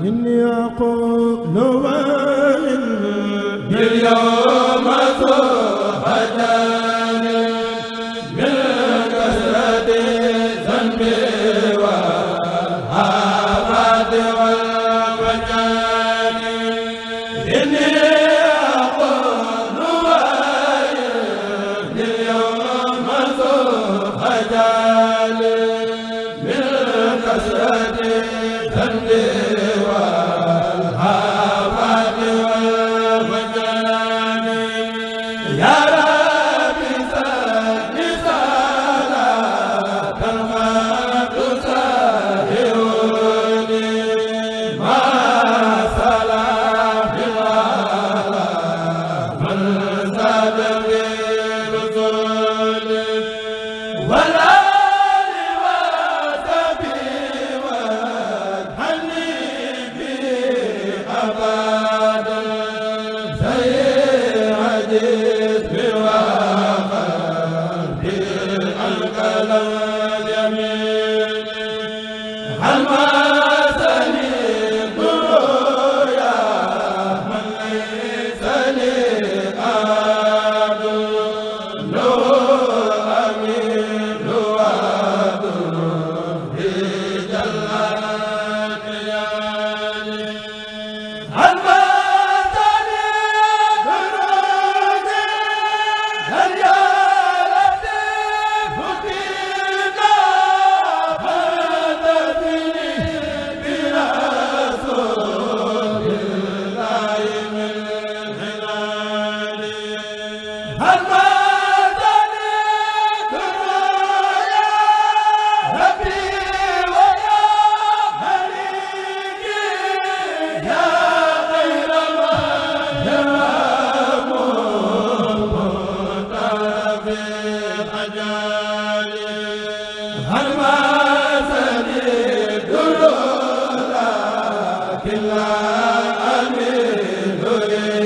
إني أقول ومن باليوم Hare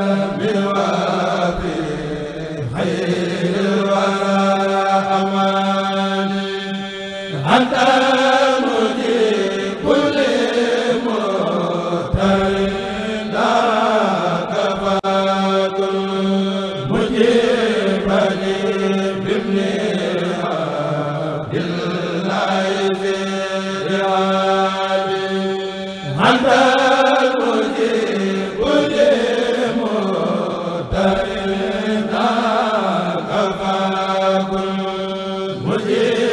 mujj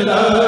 la